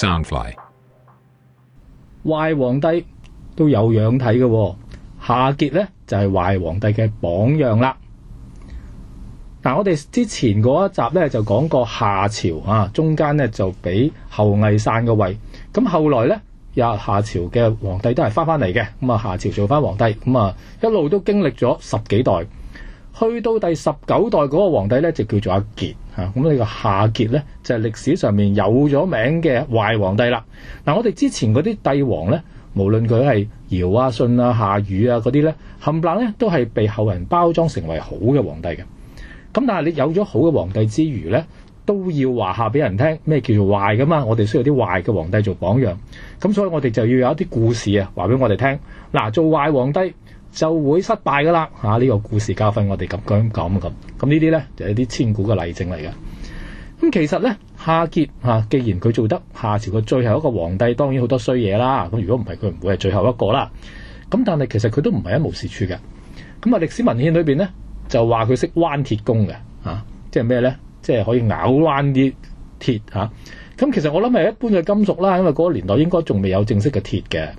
生 f 壞皇帝都有樣睇嘅、哦、夏桀呢就係、是、壞皇帝嘅榜樣啦。嗱、啊，我哋之前嗰一集呢就講過夏朝啊，中間呢就俾后羿散個位，咁、啊、後來呢，又夏朝嘅皇帝都係翻翻嚟嘅咁啊，夏朝做翻皇帝咁啊，一路都經歷咗十幾代。去到第十九代嗰個皇帝咧，就叫做阿桀嚇。咁、啊、呢、這個夏桀咧，就係、是、歷史上面有咗名嘅壞皇帝啦。嗱、啊，我哋之前嗰啲帝王咧，無論佢係堯啊、舜啊、夏禹啊嗰啲咧，冚唪唥咧都係被後人包裝成為好嘅皇帝嘅。咁、啊、但係你有咗好嘅皇帝之餘咧，都要話下俾人聽咩叫做壞㗎嘛？我哋需要啲壞嘅皇帝做榜樣。咁、啊、所以我哋就要有一啲故事啊，話俾我哋聽。嗱、啊，做壞皇帝。就會失敗噶啦嚇！呢、啊，這個故事教訓我哋咁講咁咁咁呢啲呢，就係、是、啲千古嘅例證嚟嘅。咁其實呢，夏桀嚇、啊，既然佢做得夏朝嘅最後一個皇帝，當然好多衰嘢啦。咁如果唔係，佢唔會係最後一個啦。咁但係其實佢都唔係一無是處嘅。咁啊，歷史文獻裏邊呢，就話佢識彎鐵工嘅嚇、啊，即係咩呢？即係可以咬彎啲鐵嚇。咁、啊、其實我諗係一般嘅金屬啦，因為嗰個年代應該仲未有正式嘅鐵嘅。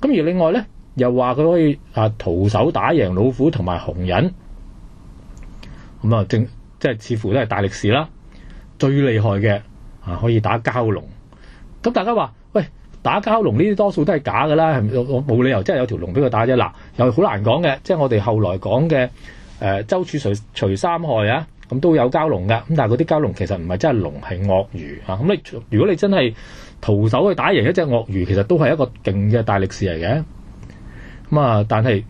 咁而另外呢。又話佢可以啊，徒手打贏老虎同埋紅人咁啊，正即係似乎都係大力士啦。最厲害嘅啊，可以打蛟龍咁、嗯。大家話喂，打蛟龍呢啲多數都係假㗎啦，係咪我冇理由真係有條龍俾佢打啫？嗱，又好難講嘅。即係我哋後來講嘅誒、呃，周處除除三害啊，咁、嗯、都有蛟龍㗎咁，但係嗰啲蛟龍其實唔係真係龍，係鱷魚吓咁。你、啊嗯、如果你真係徒手去打贏一隻鱷魚，其實都係一個勁嘅大力士嚟嘅。咁啊！但係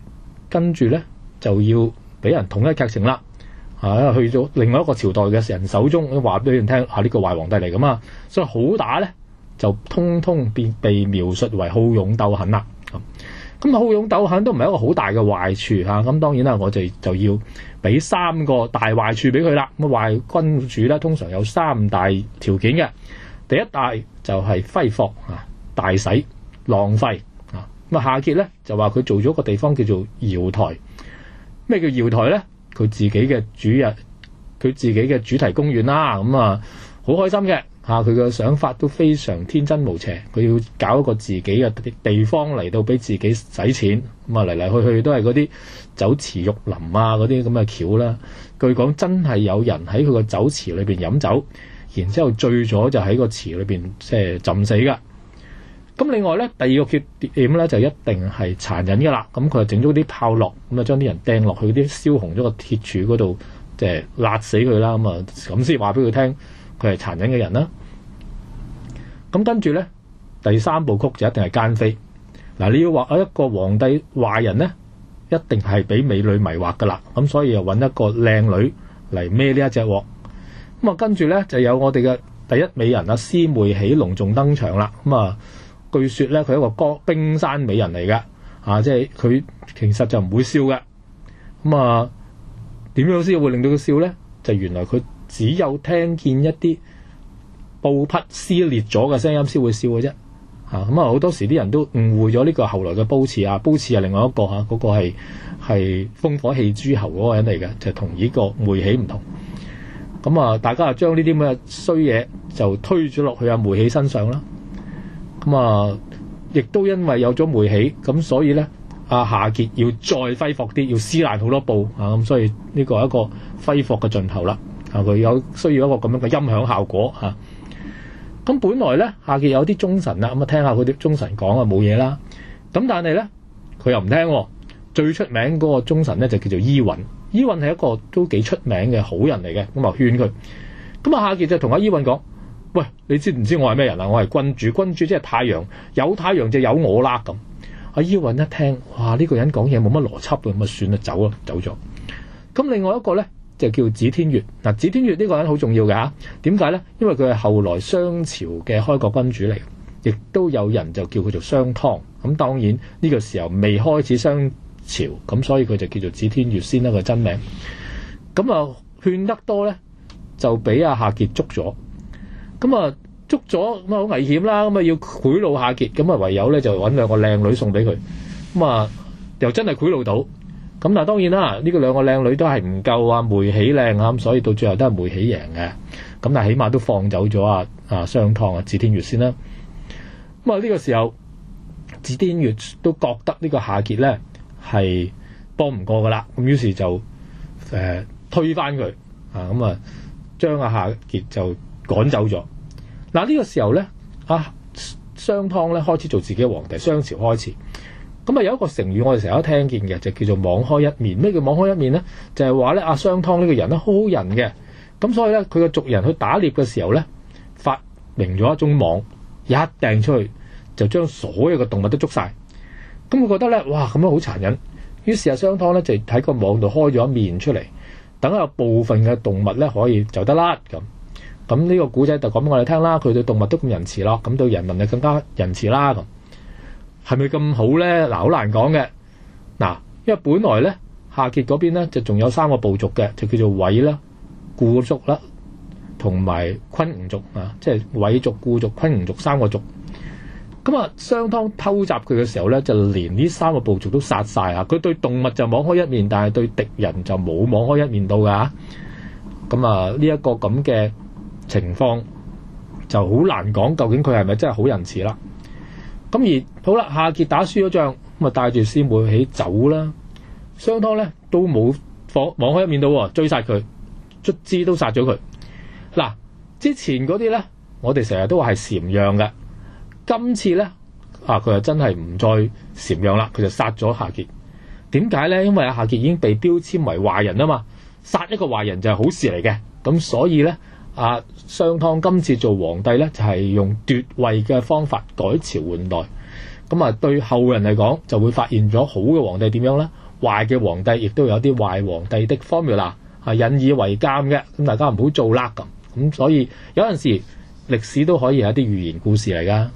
跟住呢，就要俾人統一劇情啦，啊去咗另外一個朝代嘅人手中話俾人聽，啊呢個壞皇帝嚟㗎嘛。所以好打呢，就通通變被描述為好勇鬥狠啦。咁好勇鬥狠都唔係一個好大嘅壞處嚇。咁當然啦，我哋就要俾三個大壞處俾佢啦。咁壞君主呢，通常有三大條件嘅，第一大就係揮霍啊、大使，浪費。咁啊，夏桀咧就話佢做咗個地方叫做瑤台。咩叫瑤台呢？佢自己嘅主日，佢自己嘅主題公園啦。咁啊，好開心嘅嚇，佢、啊、嘅想法都非常天真無邪。佢要搞一個自己嘅地方嚟到俾自己使錢。咁啊，嚟嚟去去都係嗰啲酒池肉林啊，嗰啲咁嘅橋啦。據講真係有人喺佢個酒池裏邊飲酒，然之後醉咗就喺個池裏邊即係浸死㗎。咁另外咧，第二個缺點咧就一定係殘忍噶啦。咁、嗯、佢就整咗啲炮落咁啊，將、嗯、啲人掟落去啲燒紅咗個鐵柱嗰度，即、就、係、是、辣死佢啦。咁、嗯、啊，咁先話俾佢聽佢係殘忍嘅人啦。咁、嗯、跟住咧，第三部曲就一定係奸妃嗱、嗯。你要話一個皇帝壞人咧，一定係俾美女迷惑噶啦。咁、嗯、所以又搵一個靚女嚟孭呢一隻鑊咁啊。跟住咧就有我哋嘅第一美人阿師妹喜隆重登場啦。咁、嗯、啊～、嗯據說咧，佢係一個哥冰山美人嚟嘅，嚇、啊，即係佢其實就唔會笑嘅。咁啊，點樣先會令到佢笑咧？就原來佢只有聽見一啲布匹撕裂咗嘅聲音先會笑嘅啫。嚇，咁啊，好、啊、多時啲人都誤會咗呢個後來嘅褒姒啊，褒姒係另外一個嚇，嗰、啊嗰個係係烽火戲諸侯嗰個人嚟嘅，就同呢個妹喜唔同。咁啊，大家就將呢啲咁嘅衰嘢就推咗落去阿妹喜身上啦。咁啊，亦都因為有咗煤氣，咁所以咧，阿夏桀要再揮霍啲，要撕爛好多布啊！咁所以呢個係一個揮霍嘅盡頭啦。啊，佢、啊、有需要一個咁樣嘅音響效果嚇。咁、啊啊、本來咧，夏桀有啲忠臣啦，咁啊聽下佢啲忠臣講啊冇嘢啦。咁但係咧，佢又唔聽、啊，最出名嗰個忠臣咧就叫做伊尹。伊尹係一個都幾出名嘅好人嚟嘅，咁啊勸佢。咁啊夏桀就同阿伊尹講。喂，你知唔知我係咩人啊？我係君主，君主即係太陽，有太陽就有我啦。咁阿伊尹一聽，哇！呢、這個人講嘢冇乜邏輯，咁咪算啦，走咯，走咗。咁另外一個呢，就叫子天乙嗱，子、啊、天乙呢個人好重要嘅吓、啊，點解呢？因為佢係後來商朝嘅開國君主嚟，亦都有人就叫佢做商湯。咁當然呢個時候未開始商朝，咁所以佢就叫做子天乙先啦個真名。咁啊勸得多呢，就俾阿、啊、夏桀捉咗。咁啊，捉咗咁啊，好危險啦！咁啊，要賄賂夏桀，咁啊，唯有咧就揾兩個靚女送俾佢。咁、嗯、啊，又真係賄賂到。咁、嗯、但係當然啦，呢、這個兩個靚女都係唔夠啊梅喜靚啊，咁所以到最後都係梅喜贏嘅。咁、嗯、但係起碼都放走咗啊啊商湯啊，紫天月先啦。咁、嗯、啊，呢、這個時候，紫天月都覺得呢個夏桀咧係幫唔過噶啦。咁、嗯、於是就誒、呃、推翻佢啊，咁、嗯、啊將阿、啊、夏桀就趕走咗。嗱，呢個時候呢，阿商湯咧開始做自己嘅皇帝，商朝開始。咁啊有一個成語我哋成日都聽見嘅，就叫做網開一面。咩叫網開一面呢？就係話呢，阿商湯呢個人呢好好人嘅。咁所以呢，佢嘅族人去打獵嘅時候呢，發明咗一種網，一掟出去就將所有嘅動物都捉晒。咁佢覺得呢，哇咁樣好殘忍。於是阿商湯呢，就喺個網度開咗一面出嚟，等有部分嘅動物呢可以走得甩。咁。咁呢個古仔就講俾我哋聽啦。佢對動物都咁仁慈咯，咁對人民就更加仁慈啦。咁係咪咁好呢？嗱、啊，好難講嘅嗱。因為本來呢，夏桀嗰邊咧就仲有三個部族嘅，就叫做韋啦、固族啦，同埋昆吾族啊，即係韋族、固族、昆吾族三個族。咁啊，商湯偷襲佢嘅時候呢，就連呢三個部族都殺晒啊。佢對動物就網開一面，但係對敵人就冇網開一面到㗎。咁啊，呢、啊、一、這個咁嘅。情況就好難講，究竟佢係咪真係好仁慈啦？咁而好啦，夏桀打輸咗仗咁啊，帶住師妹起走啦。商湯咧都冇放網開一面到追殺佢，卒之都殺咗佢嗱。之前嗰啲咧，我哋成日都話係禪讓嘅，今次咧啊，佢就真係唔再禪讓啦，佢就殺咗夏桀。點解咧？因為阿夏桀已經被標籤為壞人啊嘛，殺一個壞人就係好事嚟嘅，咁所以咧。啊，商湯今次做皇帝呢，就係、是、用奪位嘅方法改朝換代。咁、嗯、啊，對後人嚟講，就會發現咗好嘅皇帝點樣呢？壞嘅皇帝亦都有啲壞皇帝的 formula 啦，係、啊、引以為鑑嘅。咁、嗯、大家唔好做啦咁。咁、嗯、所以有陣時歷史都可以係一啲寓言故事嚟㗎。